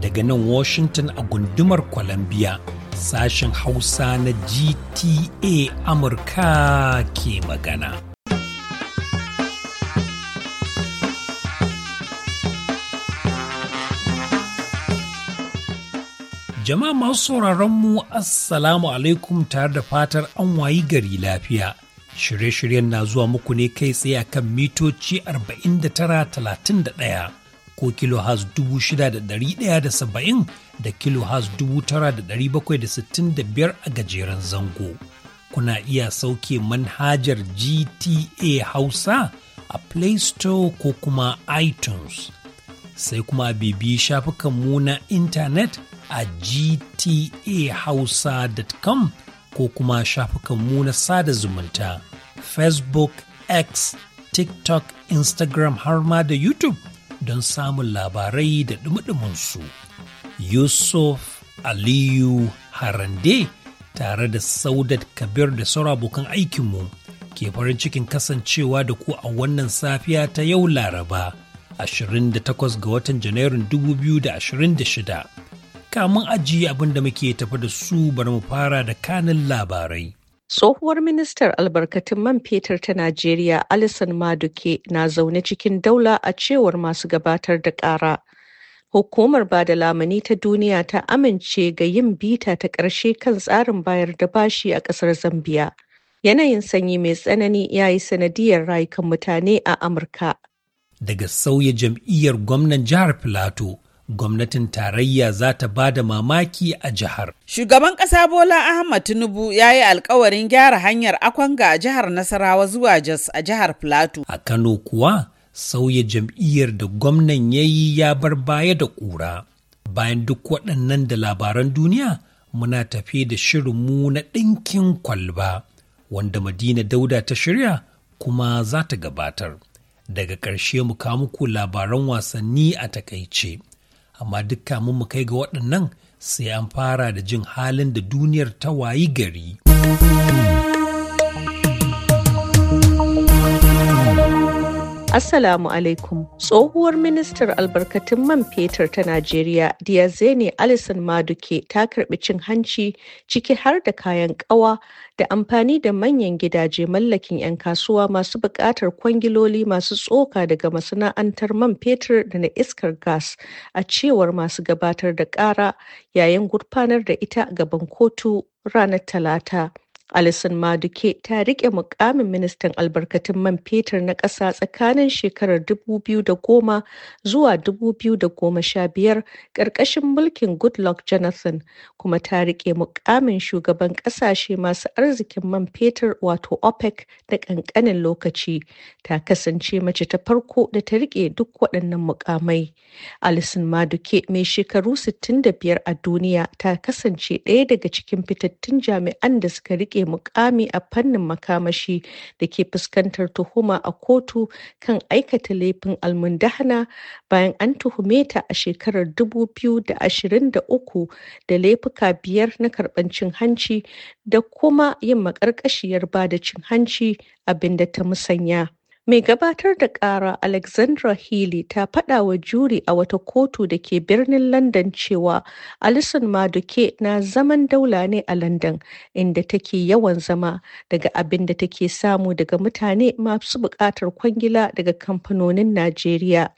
Daga nan Washington a gundumar Columbia, sashen Hausa na GTA Amurka ke magana. Jama'a masu sauraron mu Assalamu alaikum tare da fatar an wayi gari lafiya. Shirye-shiryen na zuwa muku ne kai tsaye kan mitoci 4931 ko kilohaz 6,170 da kilohaz 9,765 a gajeren zango. Kuna iya sauke manhajar GTA Hausa a Play Store ko kuma iTunes. Sai kuma bibi shafukanmu na intanet a gtahausa.com ko kuma shafukanmu na sada zumunta facebook x tiktok instagram har ma da youtube don samun labarai da su yusuf aliyu harande tare da saudat kabir da sauran abokan aikinmu ke farin cikin kasancewa da ku a wannan safiya ta yau laraba 28 ga watan janairun 2026 kamun ajiye abin da muke tafi da su bari mu fara da kanin labarai. Tsohuwar ministar albarkatun man fetur ta Najeriya Alison Maduke na zaune cikin daula a cewar masu gabatar da ƙara. Hukumar ba da lamani ta duniya ta amince ga yin bita ta ƙarshe kan tsarin bayar da bashi a ƙasar Zambiya. Yanayin sanyi mai tsanani ya yi sanadiyar rayukan mutane a Amurka. Daga sauya jam'iyyar gwamnan jihar Filato gwamnatin tarayya za ta ba da mamaki a jihar. Shugaban ƙasa Bola Ahmad Tinubu ya yi alkawarin gyara hanyar Akwanga a jihar Nasarawa zuwa Jos a jihar Plateau. A Kano kuwa sauya jam'iyyar da gwamnan ya yi ya bar baya da ƙura. Bayan duk waɗannan da labaran duniya muna tafi da shirinmu na ɗinkin kwalba wanda Madina Dauda ta shirya kuma za ta gabatar. Daga ƙarshe mu kawo muku labaran wasanni a takaice. amma dukkan mun mu kai ga waɗannan sai an fara da jin halin da duniyar ta wayi gari. Assalamu alaikum. Tsohuwar ministar albarkatun man fetur ta Najeriya, Diazene Alison Maduke ta karbi cin hanci ciki har da kayan kawa da amfani da manyan gidaje mallakin 'yan kasuwa masu buƙatar kwangiloli masu tsoka daga masana'antar man fetur da na iskar gas a cewar masu gabatar da ƙara yayin gurfanar da ita gaban kotu ranar Talata. Alison Maduke ta rike mukamin ministan albarkatun man fetur na ƙasa tsakanin shekarar 2010 zuwa 2015 ƙarƙashin mulkin Goodluck Jonathan kuma ta rike mukamin shugaban ƙasashe masu arzikin man fetur wato OPEC da ƙanƙanin lokaci. Ta kasance mace ta farko da ta rike duk waɗannan mukamai. Alison Maduke mai shekaru 65 a duniya ta kasance ɗaya daga cikin fitattun jami'an da suka rike muƙami mukami a fannin makamashi da ke fuskantar tuhuma a kotu kan aikata laifin almundahana bayan an tuhume ta a shekarar 2023 da laifuka biyar na karɓar cin hanci da kuma yin maƙarƙashiyar da cin hanci abinda ta musanya. Mai gabatar da ƙara Alexandra Healy ta faɗa wa juri a wata kotu da ke birnin London cewa Alison Maduke na zaman daula ne a London inda take yawan zama daga abin da take samu daga mutane masu buƙatar kwangila daga kamfanonin Najeriya.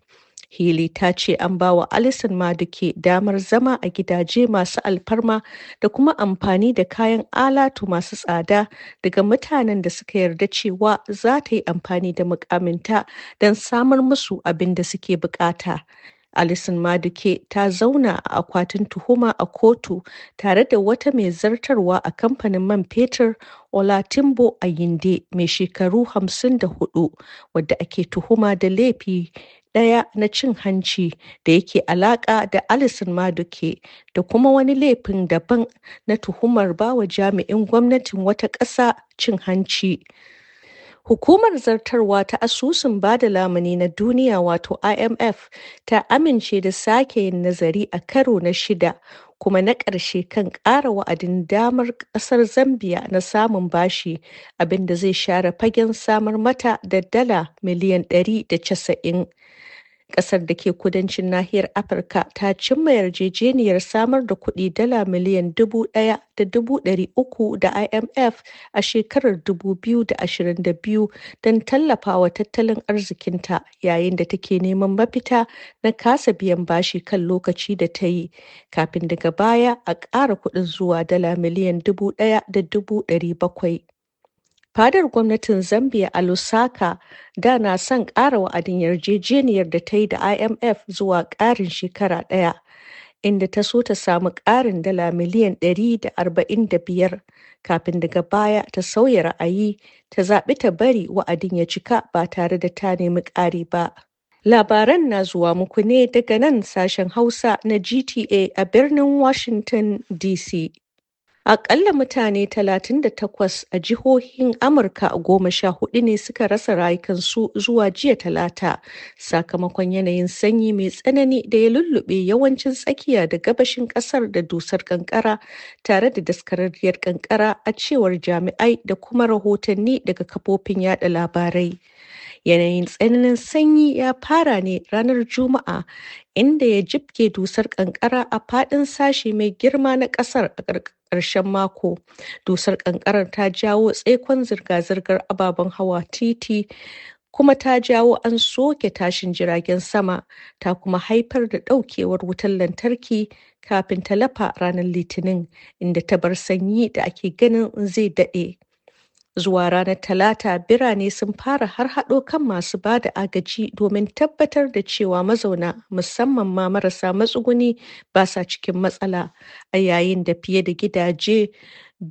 hili ta ce an ba wa Alison Maduke damar zama a gidaje masu alfarma da kuma amfani da kayan alatu masu tsada daga mutanen da suka yarda cewa za ta yi amfani da mukaminta don samar musu abin da suke bukata. Alison Maduke ta zauna a akwatin tuhuma a kotu tare da wata mai zartarwa a kamfanin man fetur Olatimbo Ayinde mai shekaru 54 wadda ake tuhuma da laifi ɗaya na cin hanci da yake alaƙa da Alison Maduke da kuma wani laifin daban na tuhumar bawa jami'in gwamnatin wata ƙasa cin hanci. Hukumar zartarwa ta asusun bada lamuni na duniya wato IMF ta amince da sake yin nazari a karo na shida kuma na ƙarshe kan ƙara wa'adin damar ƙasar Zambiya na samun bashi abinda zai share fagen samar mata da dala miliyan 190. Ƙasar da ke kudancin nahiyar Afirka ta cimma yarjejeniyar samar da kuɗi dala miliyan dubu ɗaya da dubu ɗari uku da IMF a shekarar dubu biyu da ashirin da biyu don tallafa wa tattalin arzikinta yayin da take neman mafita na kasa biyan bashi kan lokaci da ta yi kafin daga baya a ƙara kuɗin zuwa dala miliyan dubu ɗaya da dubu ɗari bakwai. Fadar gwamnatin Zambia a Lusaka da na son ƙara wa'adin yarjejeniyar da ta yi da IMF zuwa ƙarin shekara ɗaya, inda ta so ta samu ƙarin dala miliyan 145 kafin daga baya ta sauya ra'ayi ta zaɓi ta bari wa'adin ya cika ba tare da ta nemi ƙari ba. Labaran na zuwa muku ne daga nan sashen Hausa na GTA a birnin Washington DC. Akalla mutane 38 a jihohin Amurka goma sha hudu ne suka rasa rayukansu zuwa jiya talata sakamakon yanayin sanyi mai tsanani da ya lullube yawancin tsakiya da gabashin kasar da dusar kankara tare da daskararriyar kankara a cewar jami'ai da kuma rahotanni daga kafofin yada labarai. Yanayin tsananin sanyi ya fara ne ranar Juma'a, inda ya jibge dusar ƙanƙara a faɗin sashi mai girma na ƙasar a ƙarshen mako. Dusar ƙanƙarar ta jawo tsaikon zirga-zirgar ababen hawa titi. kuma ta jawo an soke tashin jiragen sama ta kuma haifar da ɗaukewar wutar lantarki kafin ta lafa ranar litinin inda ta bar sanyi da ake ganin zai daɗe zuwa ranar talata birane sun fara har haɗo kan masu ba da agaji domin tabbatar da cewa mazauna musamman ma marasa matsuguni ba sa cikin matsala a yayin da fiye da gidaje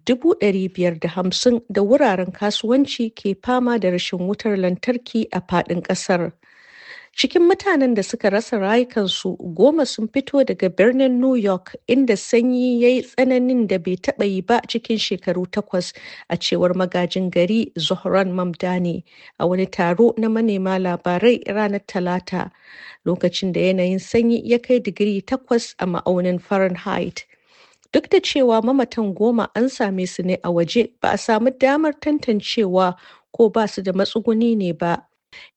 550 da wuraren kasuwanci ke fama da rashin wutar lantarki a faɗin ƙasar Cikin mutanen da suka rasa rayukansu goma sun fito daga birnin New York inda sanyi ya yi tsananin da bai taɓa yi ba cikin shekaru takwas a cewar magajin gari Zohran Mamdani a wani taro na manema labarai ranar Talata lokacin da yanayin sanyi ya kai digiri takwas a ma'aunin Fahrenheit. duk da cewa mamatan goma an same su ne a waje ba a samu damar tantancewa ko ba su da matsuguni ne ba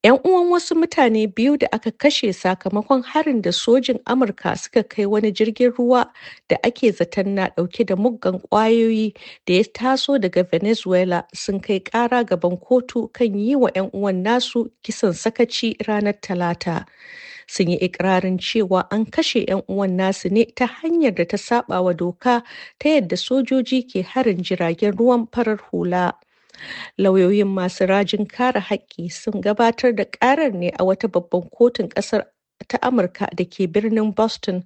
'Yan uwan wasu mutane biyu da aka kashe sakamakon harin da sojin Amurka suka kai wani jirgin ruwa da ake zaton na ɗauke da muggan kwayoyi da ya taso daga Venezuela sun kai ƙara gaban kotu kan yi wa 'yan uwan nasu kisan sakaci ranar Talata. Sun yi ikirarin cewa an kashe 'yan uwan nasu ne ta hanyar da ta saba wa doka ta yadda sojoji ke harin jiragen ruwan farar hula. Lauyoyin masu rajin kare haƙƙi sun gabatar da ƙarar ne a wata babban kotun ƙasar ta Amurka da ke birnin Boston.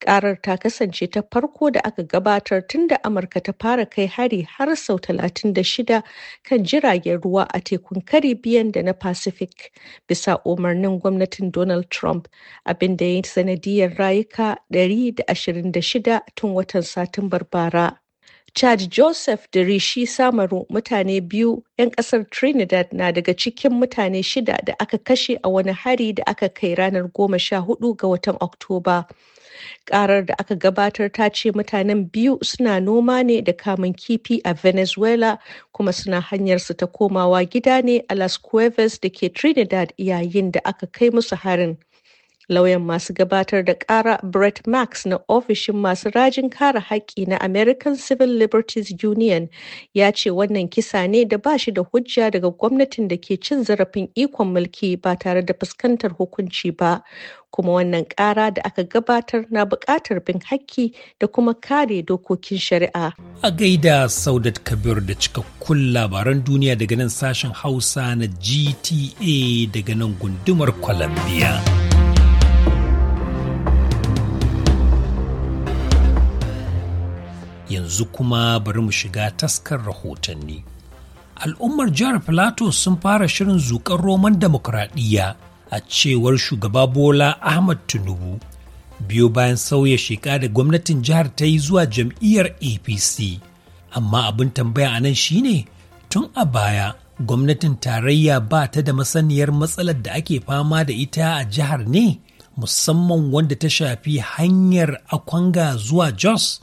Ƙarar ta kasance ta farko da aka gabatar tun da Amurka ta fara kai hari har sau 36 kan jiragen ruwa a tekun Caribbean da na Pacific bisa umarnin gwamnatin Donald Trump abin da ya yi sanadiyar rayuka 126 tun watan Satumbar bara. Chad Joseph da Rishi Samaru, mutane biyu 'yan kasar Trinidad na daga cikin mutane shida da aka kashe a wani hari da aka kai ranar goma sha hudu ga watan Oktoba. Karar da aka gabatar ta ce mutanen biyu suna noma ne da kamun kifi a Venezuela kuma suna hanyar su ta komawa gida ne a Las Cuevas da ke Trinidad yayin da aka kai musu harin. Lauyan masu gabatar da ƙara Brett Max na ofishin masu rajin kare haƙƙi na American Civil Liberties Union ya ce wannan kisa ne da ba shi da hujja daga gwamnatin da ke cin zarafin ikon mulki ba tare da fuskantar hukunci ba. Kuma wannan kara da aka gabatar na buƙatar bin haƙƙi da kuma kare dokokin shari'a. A gaida Saudat Kabir da cikakkun labaran duniya daga nan sashen Hausa na GTA daga nan gundumar Columbia. yanzu kuma bari mu shiga taskar rahotanni. Al'ummar jihar Filato sun fara shirin zuƙar Roman demokradiyya a cewar shugaba Bola Ahmad Tinubu. Biyo bayan sauya sheka da gwamnatin jihar ta yi zuwa jam'iyyar APC. Amma abin tambaya a nan ne? tun a baya gwamnatin tarayya ba ta da masaniyar matsalar da ake fama da ita a jihar ne musamman wanda ta shafi hanyar akwanga zuwa Jos.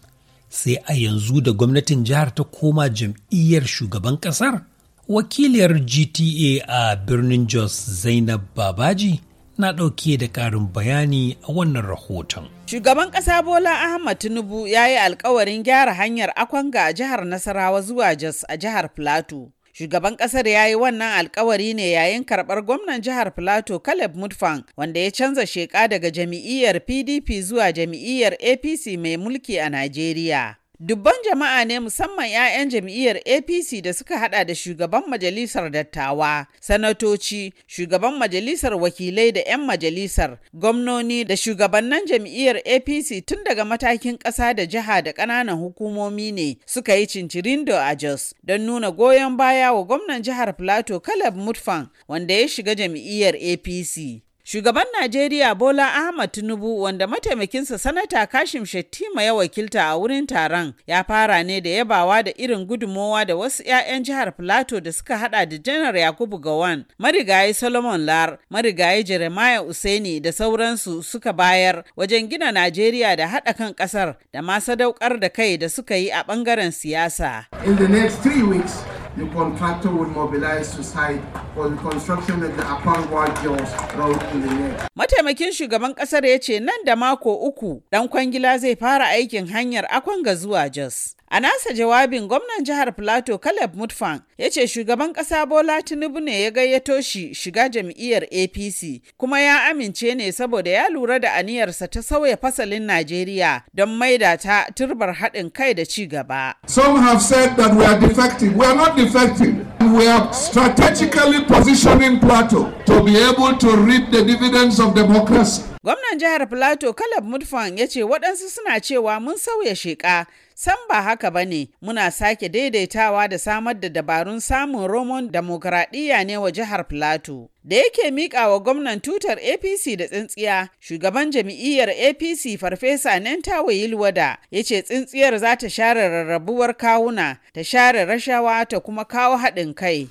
sai a yanzu da gwamnatin jihar ta koma jam'iyyar shugaban ƙasar? Wakiliyar GTA a birnin Jos Zainab Babaji na ɗauke da ƙarin bayani a wannan rahoton. Shugaban ƙasa Bola Ahmad Tinubu ya yi alkawarin gyara hanyar Akwanga a jihar Nasarawa zuwa Jos a jihar Plateau. Shugaban ƙasar ya yi wannan alkawari ne yayin karɓar gwamnan jihar Filato Caleb Mutfan wanda ya canza sheka daga jami'iyyar PDP zuwa jami'iyyar APC mai mulki a Najeriya. Dubban jama'a ne musamman 'ya'yan jam'iyyar APC da suka hada da shugaban majalisar dattawa, sanatoci, shugaban majalisar wakilai da 'yan majalisar, gwamnoni da shugabannin jam'iyyar APC tun daga matakin ƙasa da jiha da ƙananan hukumomi ne suka yi cincirindo a Jos don nuna goyon baya wa gwamnan jihar Plateau Caleb Mutfan wanda ya shiga jam'iyyar APC. Shugaban Najeriya Bola Ahmad Tinubu wanda mataimakinsa Sanata Kashim Shettima ya wakilta a wurin taron ya fara ne da yabawa da irin gudunmowa da wasu 'ya'yan jihar Plateau da suka hada da Janar Yakubu Gawan, marigayi Solomon Lar, marigayi Jeremiah Usaini da sauransu suka bayar wajen gina Najeriya da haɗa kan ƙasar da ma sadaukar da kai da suka yi a ɓangaren siyasa. In the next three weeks, the contractor would mobilize to site for the construction of the Apangwa Girls Road in the next. Mataimakin shugaban kasar ya ce nan da mako uku dan kwangila zai fara aikin hanyar Akwanga zuwa Jos. A nasa jawabin gwamnan jihar Plateau Caleb Mutfan ya ce shugaban ƙasa Bola Tinubu ne ya gayyato shi shiga jam'iyyar APC kuma ya amince ne saboda ya lura da aniyarsa ta sauya fasalin Najeriya don maida ta turbar haɗin kai da ci gaba. Some have said that we are defective. We are not defective. We are strategically positioning Plateau to be able to reap the dividends of democracy. Gwamnan jihar Plateau Caleb Mutfan ya ce waɗansu suna cewa mun sauya sheƙa San ba haka ba ne, muna sake daidaitawa da samar da dabarun samun romon demokradiyya ne wa jihar Plateau. da yake mika wa gwamnan tutar apc da tsintsiya shugaban jam'iyyar apc farfesa nentawa yilwada ya ce tsintsiyar za ta share rarrabuwar kawuna ta share rashawa ta kuma kawo haɗin kai.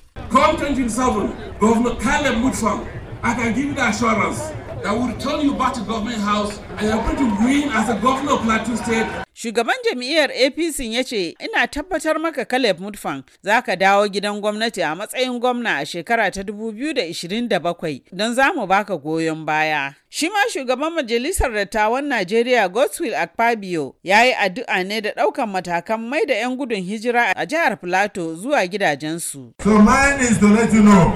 Governor Caleb I can give you the assurance that will return you back to government house and you're going to win as a governor of Plateau State Shugaban jam'iyyar APC ya ce, "Ina tabbatar maka Caleb Mutfan za ka dawo gidan gwamnati a matsayin gwamna a shekara ta 2027 don za mu baka goyon baya." Shi ma shugaban majalisar dattawan Najeriya Godswill Akpabio ya yi addu'a ne da ɗaukan matakan mai da 'yan gudun hijira a jihar Plateau zuwa gidajensu. So mine is to let you know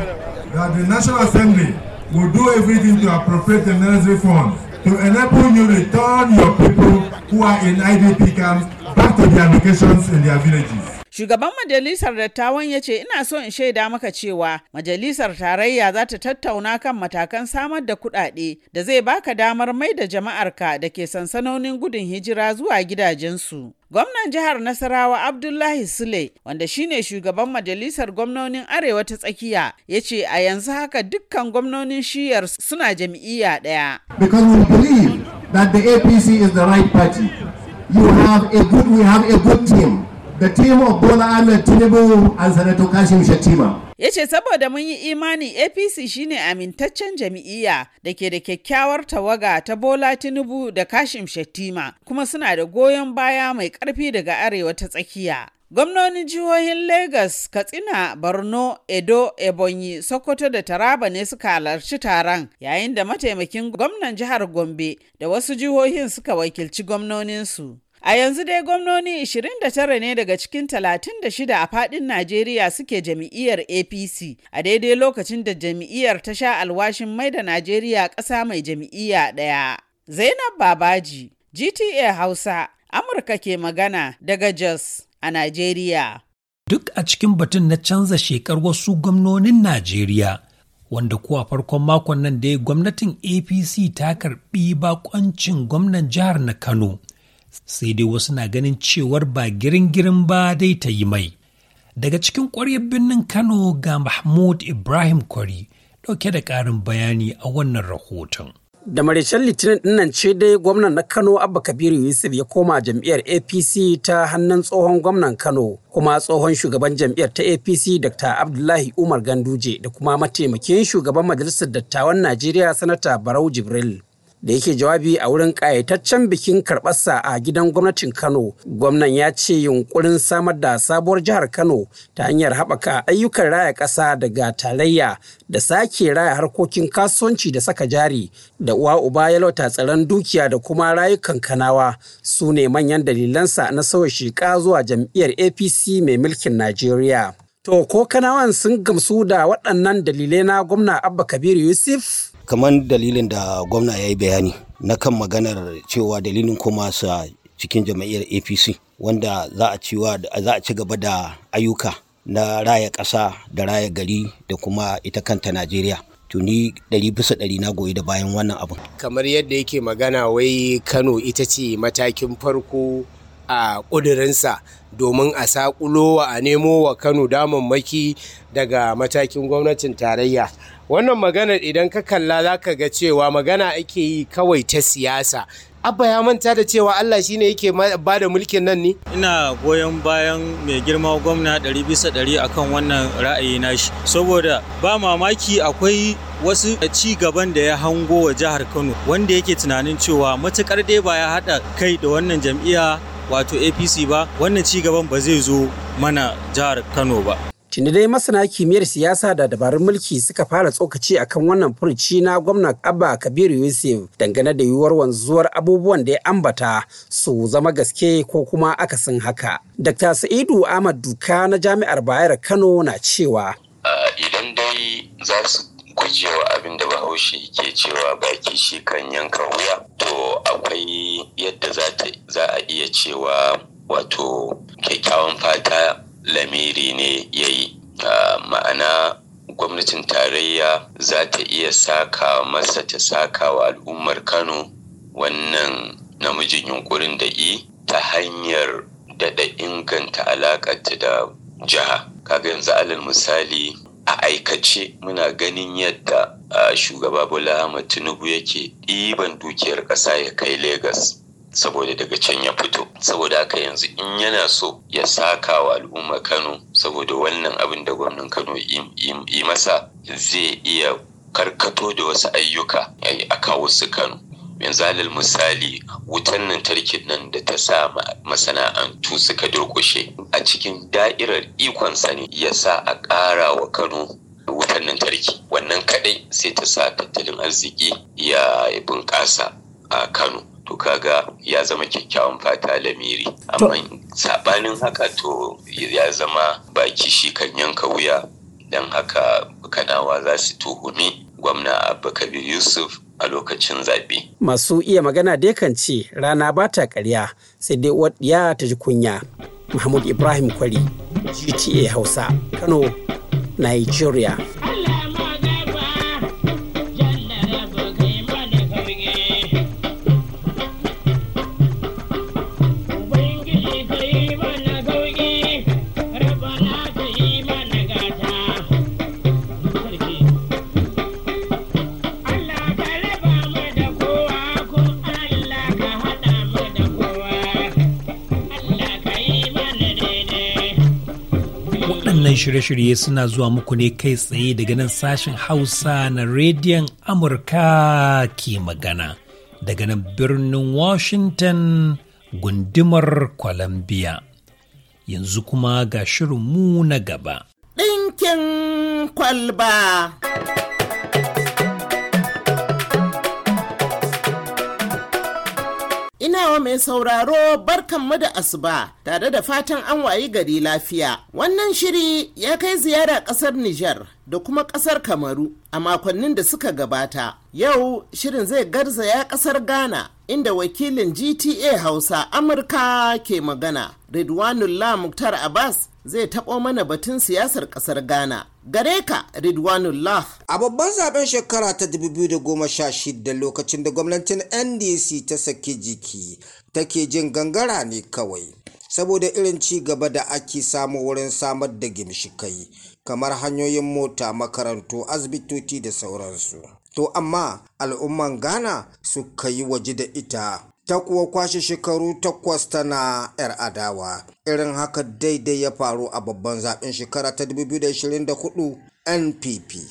that the National Assembly will do everything to appropriate the necessary funds to enable you return your people who are in IDP camps back to their locations in their villages. Shugaban majalisar dattawan ya ce ina so in shaida maka cewa majalisar tarayya za ta tattauna kan matakan samar da kuɗaɗe da zai baka damar mai da jama'arka da ke sansanonin gudun hijira zuwa gidajensu. Gwamnan jihar Nasarawa Abdullahi Sule, wanda shine shugaban majalisar gwamnonin Arewa ta tsakiya, ya ce a yanzu haka dukkan gwamnonin shiyar suna jam'iyya ɗaya. Because we believe that APC is the right party. You have a good, we have a good team. Yace team Bola Ahmed Tinubu and Kashim Shatima. ya saboda mun yi imani apc shine amintaccen jam'iyya da ke da kyakkyawar tawaga ta bola tinubu da kashim shettima kuma suna da goyon baya mai karfi daga arewa ta tsakiya gwamnonin jihohin Legas, katsina borno edo ebonyi sokoto da taraba ne suka halarci taron yayin da mataimakin gwamnan jihar gombe da wasu jihohin suka wakilci gwamnoninsu A yanzu dai gwamnoni 29 ne daga cikin 36 a fadin Najeriya suke jam'iyyar APC a daidai lokacin da jam'iyyar ta sha alwashin mai da Najeriya ƙasa mai jam'iyya ɗaya. Zainab Babaji, GTA Hausa, Amurka ke magana daga Jos a Najeriya. Duk a cikin batun na canza shekar wasu gwamnonin Najeriya. wanda kuwa farkon makon nan dai gwamnatin apc ta karɓi bakoncin gwamnan jihar na kano sai dai wasu na ganin cewar ba girin-girin ba dai ta yi mai. Daga cikin ƙwaryar birnin Kano ga Mahmud Ibrahim Kwari ɗauke da ƙarin bayani a wannan rahoton. Da maraicen litinin ɗinnan ce dai gwamnan na Kano Abba Kabiru Yusuf ya koma jam'iyyar APC ta hannun tsohon gwamnan Kano kuma tsohon shugaban jam'iyyar ta APC Dr. Abdullahi Umar Ganduje da kuma mataimakin shugaban majalisar dattawan Najeriya Sanata Barau Jibril. da yake jawabi a wurin ƙayataccen bikin karɓarsa a gidan gwamnatin kano gwamnan ya ce yunkurin samar da sabuwar jihar kano ta hanyar haɓaka ayyukan raya ƙasa daga tarayya da sake raya harkokin kasuwanci da saka jari da uwa uba ya lauta tsaron dukiya da kuma rayukan kanawa su ne manyan dalilansa na sauya sheka zuwa jam'iyyar apc mai mulkin najeriya to ko kanawan sun gamsu da waɗannan dalilai na gwamna abba Kabiru yusuf kamar dalilin da gwamna ya yi bayani na kan maganar cewa dalilin kuma sa cikin jam'iyyar apc wanda za a ci gaba da ayyuka na raya ƙasa da raya gari da kuma ita kanta najeriya tuni ɗari bisa ɗari na goyi da bayan wannan abin. kamar yadda yake magana wai kano ita ce matakin farko a ƙudurinsa domin a saƙulo a nemo wa kano damammaki daga matakin gwamnatin tarayya wannan magana idan ka kalla za ka ga cewa magana ake yi kawai ta siyasa abba ya manta da cewa allah shine yake ba da mulkin nan ne ina goyon bayan mai girma gwamna ɗari bisa ɗari akan wannan ra'ayi nashi saboda ba mamaki akwai wasu ci gaban da ya hango wa jihar kano wanda yake tunanin cewa matukar dai ba ya haɗa kai da wannan jam'iyya wato apc ba wannan ci gaban ba zai zo mana jihar kano ba tunda dai masana kimiyyar siyasa da dabarun mulki suka fara tsokaci akan wannan furuci na gwamna Abba Kabiru Yusuf dangane da yiwuwar wanzuwar abubuwan da ya ambata su zama gaske ko kuma akasin haka. Dr. Sa'idu Ahmad Duka na Jami'ar Bayar Kano na cewa. Idan dai za su gujewa abin da bahaushe ke cewa baki shi kan yanka wuya to akwai yadda za a iya cewa wato kyakkyawan fata lamiri ne ya yi ah, ma'ana gwamnatin tarayya za ta iya saka masa ta saka wa al'ummar kano wannan namijin yunkurin da i ta hanyar daɗa inganta alaƙarta da jiha kaga yanzu alal misali a aikace muna ganin yadda ah, shugaba bola ahmad tinubu yake ɗiban dukiyar ƙasa ya kai Legas. saboda daga can ya fito saboda haka yanzu in yana so ya saka wa al'umma kano saboda wannan abin da gwamnan kano yi masa zai iya karkato da wasu ayyuka a kawo su kano yanzu alal misali wutan tarkin nan da ta sa masana'antu suka durƙushe, a cikin da'irar ikonsa ne ya sa a ƙara wa kano wutan lantarki wannan kadai sai ta sa tattalin arziki ya bunƙasa a kano to kaga ya zama kyakkyawan fata lamiri amma sabanin haka to ya zama baki shi kan yanka wuya don haka kanawa za su tuhumi gwamna abubakar yusuf a lokacin zaɓe. masu iya magana dai kan ce rana ba ta karya sai dai ya ta ji kunya mahmud ibrahim kwari gta hausa kano nigeria shirye-shirye suna zuwa muku ne kai tsaye daga nan sashen Hausa na rediyon Amurka ke magana daga nan birnin Washington gundumar Columbia. Yanzu kuma ga shirin mu na gaba. Ɗinkin kwalba. mai sauraro barkanmu da asuba tare da fatan an wayi gari lafiya. Wannan shiri ya kai ziyara ƙasar Nijar da kuma ƙasar Kamaru a makonnin da suka gabata. Yau shirin zai garzaya ƙasar Ghana inda wakilin GTA Hausa Amurka ke magana. Ridwanullah Muktar Abbas zai taɓo mana batun siyasar ƙasar Ghana. Gare ka Ridwanullah. A babban zaben shekara ta 2016 lokacin da gwamnatin NDC ta saki jiki take jin gangara ne kawai. Saboda irin ci gaba da ake samu wurin samar da gimshikai kamar hanyoyin mota, makarantu, asibitoci da sauransu. To amma al'umman Ghana suka yi waje da ita ta kuwa kwashe shekaru takwas tana 'yar adawa irin haka daidai ya faru a babban zaben shekara ta 2024 npp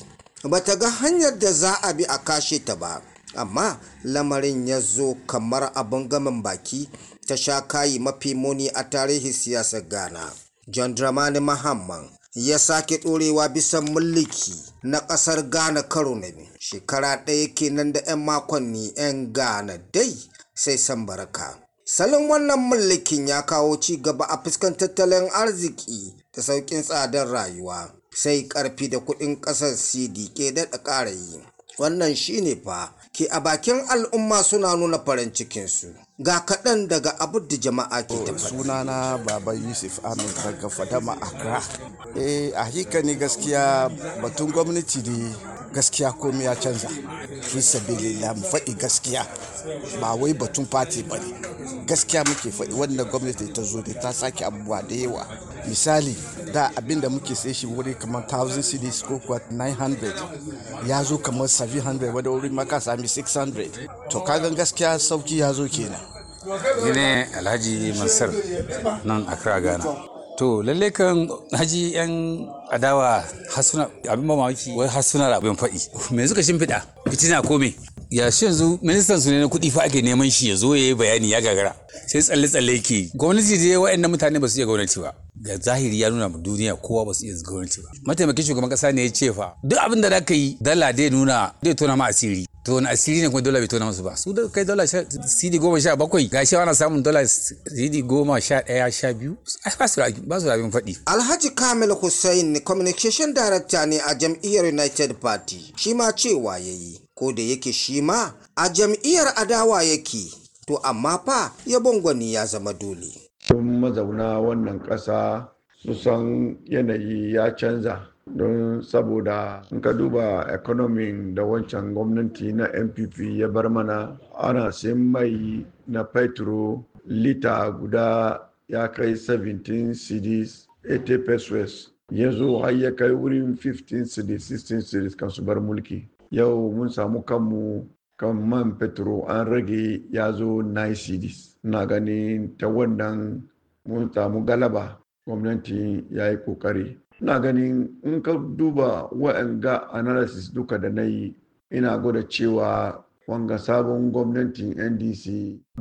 ba ta ga hanyar da za a bi a kashe ta ba amma lamarin ya zo kamar abin gamin baki ta sha kayi mafi muni a tarihi siyasar ghana john dramani mahamman ya sake ɗorewa bisa mulki na ƙasar ghana karo na shekara ɗaya kenan da 'yan makonni 'yan ghana dai sai san baraka salon wannan mulkin ya kawo ci gaba a fuskan tattalin arziki da sauƙin tsadar rayuwa sai ƙarfi da kuɗin ƙasar CDK daɗa ƙara yi wannan ne fa ke a bakin al'umma suna nuna farin cikinsu ga kaɗan daga abu da jama'a ke tafa sunana baba yusuf amin daga fadama accra eh, a a ne gaskiya batun gwamnati ne gaskiya komai ya canza fi sabilillah mu faɗi gaskiya ba wai batun fati ba ne gaskiya muke faɗi wannan gwamnati ta zo da ta sake abubuwa da yawa misali da abin da muke sai shi wuri kamar 1000 cities ko kuwa 900 ya zo kamar 700 wadda wuri maka sami 600 to kagan gaskiya sauki ya zo kenan ni ne alhaji mansar nan kira ghana to lalle kan haji yan adawa hasuna abin mamaki wai hasuna abin faɗi me suka shimfiɗa fitina ko me ya shi yanzu ministan su ne na kuɗi fa ake neman shi ya zo ya yi bayani ya gagara sai tsalle tsalle ke gwamnati dai waɗannan mutane ba su iya gwamnati ba ga zahiri ya nuna ma duniya kowa ba su iya gwamnati ba mataimakin shugaban kasa ne ya ce fa duk abin da za ka yi dala dai nuna dai tona ma asiri to wani asiri ne kuma dola bai tona musu ba su da kai dala cd goma sha bakwai ga shi ana samun dala cd goma sha ɗaya sha biyu ba su rabin faɗi. alhaji kamil hussein communication director ne a jam'iyyar united party shi ma cewa ya yi ko da yake shi ma a jam'iyyar adawa yake to amma fa ya gwani ya zama dole. Sun mazauna wannan ƙasa su san yanayi ya canza don saboda in ka duba economy da wancan gwamnati na npp ya bar mana ana sai mai na petro lita guda ya kai 17 cds 80 pesos yanzu har ya kai wurin 15 cds 16 cds kan su bar mulki yau mun samu kanmu kan man fetro an rage ya zo 9 na ganin ta wannan mun samu galaba gwamnati ya yi kokari na ganin in ka duba wa'anga analysis duka da na yi ina gwada cewa wanga sabon gwamnatin ndc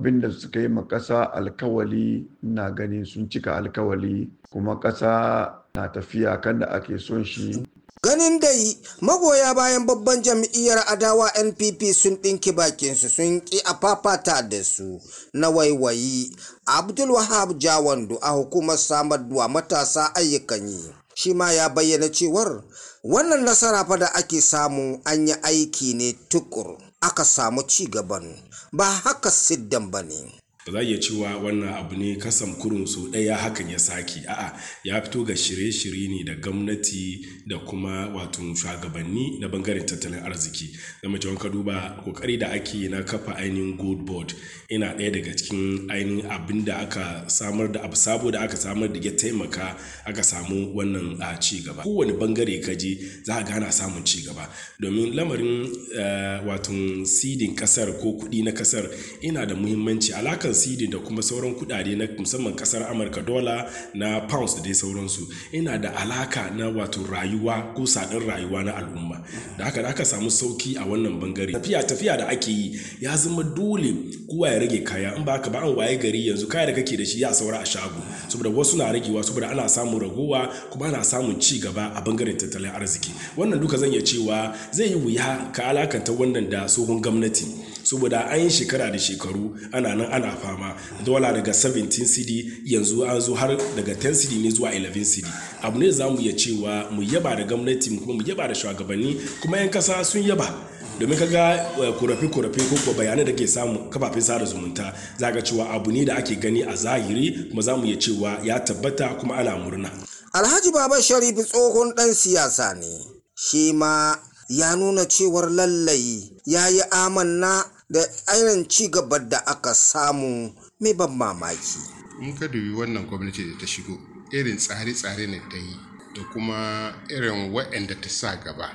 abinda suka yi makasa alkawali na gani sun cika alkawali kuma kasa na tafiya kan da ake son shi ganin dai magoya bayan babban jam'iyyar adawa npp sun ɗinki bakinsu sun ƙi a fafata da su na waiwayi abdulwahab jawandu a hukumar samar da matasa ayyukan yi shi ma ya bayyana cewar wannan nasara fa da ake samu an yi aiki ne tukur aka samu ci gaban ba haka siddan ba ne ba za a iya cewa wannan abu ne kasan kurun su ɗaya hakan ya sake a'a ya fito ga shirye-shirye ne da gwamnati da kuma wato shugabanni na bangaren tattalin arziki da mace wanka duba kokari da ake na kafa ainihin gold board ina ɗaya daga cikin ainihin abin da aka samar da abu sabo da aka samar da ya taimaka aka samu wannan a ci gaba kowane bangare ka je za a gana samun ci gaba domin lamarin eh, wato sidin kasar ko kuɗi na kasar ina da muhimmanci alakan sidi da kuma sauran kudade na musamman kasar amurka dola na pounds da dai sauransu ina da alaka na wato rayuwa ko sadin rayuwa na al'umma da haka da aka samu sauki a wannan bangare tafiya tafiya da ake yi ya zama dole kowa ya rage kaya in ba haka ba an waye gari yanzu kaya da kake da shi ya saura a shago saboda wasu na ragewa saboda ana samun ragowa kuma ana samun ci gaba a bangaren tattalin arziki wannan duka zan iya cewa zai yi wuya ka alakanta wannan da tsohon gwamnati saboda an yi shekara da shekaru ana nan ana fama dola daga 17 cd yanzu an zo har daga 10 cd ne zuwa 11 cd abu ne za mu iya cewa mu yaba da gwamnati kuma mu yaba da shugabanni kuma 'yan kasa sun yaba domin ga eh, korafe-korafe ko kuwa bayanai da ke samu kafafen sada zumunta za ga cewa abu ne da ake gani a zahiri kuma za mu iya cewa ya tabbata kuma ana murna. Alhaji Baba Sharifi tsohon dan siyasa ne, shi ma ya nuna cewar lallai ya yi amanna da ainihin ci da aka samu mai ban mamaki in ka dubi wannan gwamnati da ta shigo irin tsare-tsare ne ta yi da kuma irin waɗanda ta sa gaba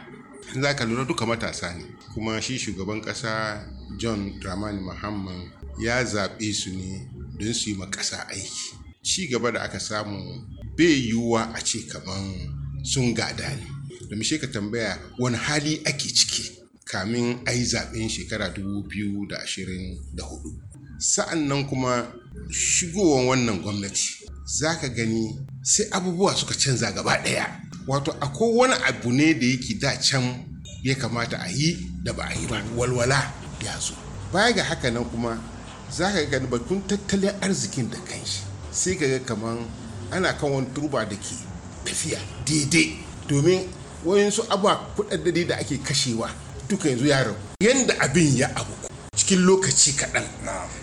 za ka lura duka matasa ne kuma shi shugaban ƙasa john dramani mahamman ya zaɓe su ne don su yi aiki ci gaba da aka samu bai yiwuwa a ce kaman sun gada ne domin shi ka tambaya wani hali ake ciki kamin a yi zaɓen shekara 2024 sa'an nan kuma shigowar wannan gwamnati za ka gani sai abubuwa suka canza gaba ɗaya wato akwai wani abu ne da yake da can ya kamata a yi da ba a yi ba walwala ya zo baya ga haka nan kuma za ka gani batun tattalin arzikin da shi sai ka ga kaman ana kan wani turba da ke tafiya daidai domin wayansu abuwa kudaddadi da ake kashewa duka yanzu ya rabu yadda abin ya abu cikin lokaci kaɗan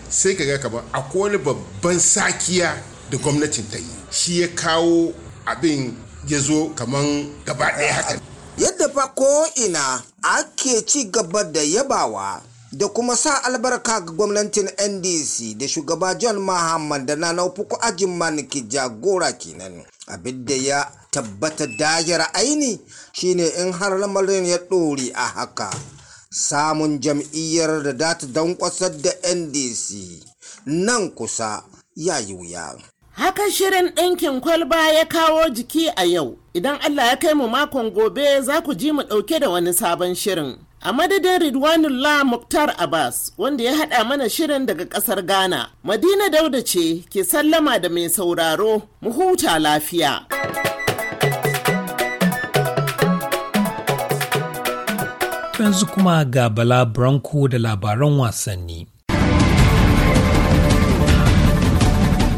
sai ka ga kamar akwai wani babban sakiya da gwamnatin ta yi shi ya kawo abin ya zo kamar gaba ɗaya haka yadda fa ko ina ake ci gaba da yabawa da kuma sa albarka ga gwamnatin ndc da shugaba john mahama da na naufuku ajin maniki jagora kenan abin da ya tabbata dajira aini shine in har lamarin ya ɗore a haka samun jam'iyyar da za ta dankwasar da ndc nan kusa ya yi wuya Haka shirin ɗinkin kwalba ya kawo jiki a yau, idan Allah ya kai mu makon gobe za ku ji mu ɗauke da wani sabon shirin. A madadin Ridwanullah Muktar Abbas wanda ya haɗa mana shirin daga ƙasar Ghana, Madina Dauda ce ke sallama da mai sauraro, mu huta lafiya. Yanzu kuma ga Bala Branko da labaran wasanni.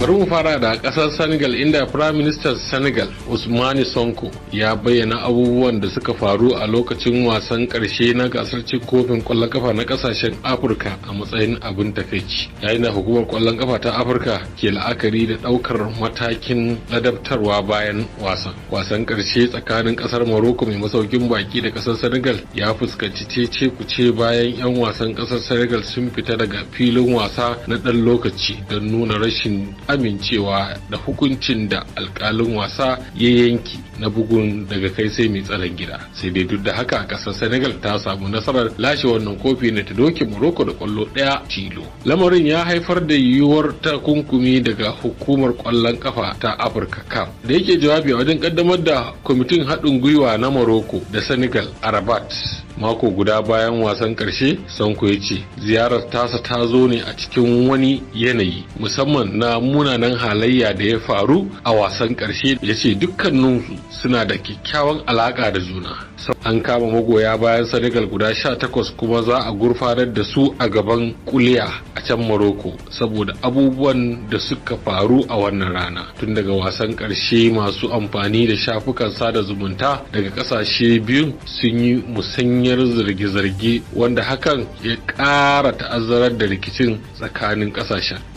Bari mu fara da kasar Senegal inda Prime Minister Senegal Usmani Sonko ya bayyana abubuwan da suka faru a lokacin wasan karshe na gasar cin kofin kwallon kafa na kasashen Afirka a matsayin abin takaici. Yayin da hukumar kwallon kafa ta Afirka ke la'akari da daukar matakin ladabtarwa bayan wasan. Wasan karshe tsakanin kasar Maroko mai masaukin baki da kasar Senegal ya fuskanci cece kuce bayan 'yan wasan kasar Senegal sun fita daga filin wasa na ɗan lokaci don nuna rashin amincewa da hukuncin da alkalin wasa ya yanki na bugun daga kai sai mai tsaron gida sai dai duk da haka kasar senegal ta samu nasarar lashe wannan kofi na ta doke morocco da kwallo daya tilo lamarin ya haifar da yiwuwar takunkumi daga hukumar kwallon kafa ta afirka cup da yake jawabi a wajen kaddamar da kwamitin haɗin gwiwa na morocco da senegal a rabat mako guda bayan wasan karshe sanko ya ce ziyarar tasa ta zo ne a cikin wani yanayi musamman na munanan halayya da ya faru a wasan karshe ya ce dukkaninsu suna da kyakkyawan alaƙa da juna an kama magoya bayan senegal guda sha takwas kuma za a gurfanar da su a gaban kuliya a can morocco saboda abubuwan da suka faru a wannan rana tun daga wasan ƙarshe masu amfani da shafukan sada zumunta daga kasashe biyun sun yi musanyar zarge-zarge wanda hakan ya ƙara ta'azzarar da rikicin tsakanin ƙasashen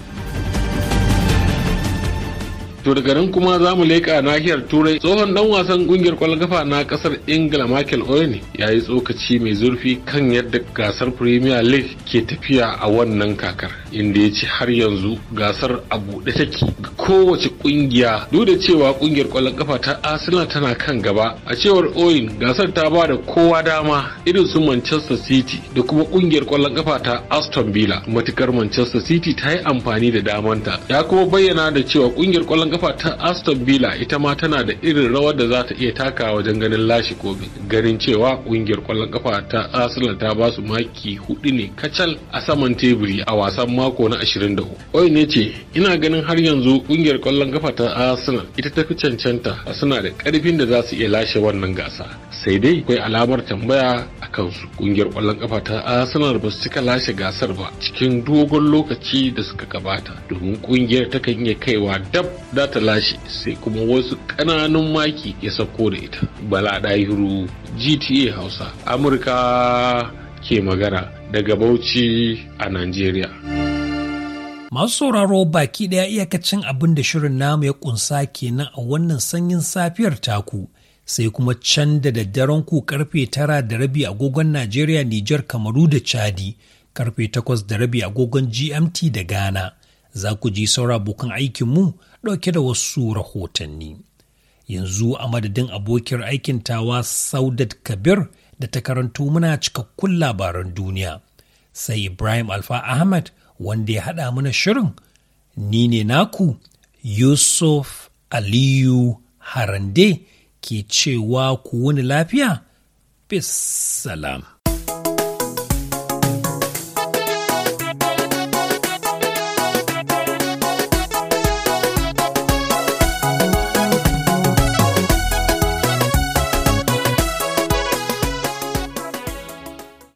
to daga nan kuma za mu leƙa nahiyar turai tsohon dan wasan kungiyar kwallon kafa na kasar ingila michael owen ya yi tsokaci mai zurfi kan yadda gasar premier league ke tafiya a wannan kakar inda ya ce har yanzu gasar a buɗe take ga kowace kungiya duk da cewa kungiyar kwallon kafa ta arsenal tana kan gaba a cewar owen gasar ta ba da kowa dama irin su manchester city da kuma kungiyar kwallon kafa ta aston villa matukar manchester city ta yi amfani da damanta ya kuma bayyana da cewa kungiyar kwallon kafa ta aston villa ita ma tana da irin rawar da za ta iya taka wajen ganin lashe kofin ganin cewa kungiyar kwallon kafa ta arsenal ta ba su maki hudu ne kacal a saman teburi a wasan mako na 24. oi ne ce ina ganin har yanzu kungiyar kwallon kafa ta arsenal ita ta fi cancanta suna da karfin da za su iya lashe wannan gasa sai dai akwai alamar tambaya a kansu kungiyar kwallon kafa ta arsenal ba su cika lashe gasar ba cikin dogon lokaci da suka gabata domin kungiyar kan iya kaiwa dab da ta lashe sai kuma wasu ƙananun maki ya sauko da ita bala ɗahiru gta hausa amurka ke magana daga bauchi a nigeria masu sauraro baki ɗaya iyakacin abin da shirin namu ya ƙunsa kenan a wannan sanyin safiyar taku sai kuma can da daddaren ku karfe tara da rabi agogon Najeriya, Nijar, Kamaru da Chadi, karfe takwas da rabi agogon GMT da Ghana. za ku ji saura abokan aikinmu ɗauke da wasu rahotanni. Yanzu a madadin abokiyar aikin tawa Saudat Kabir da ta karanto muna cikakkun labaran duniya. Sai Ibrahim Alfa Ahmad wanda ya haɗa mana shirin, ni ne naku Yusuf Aliyu Harande ke cewa ku wani lafiya? Bis salam.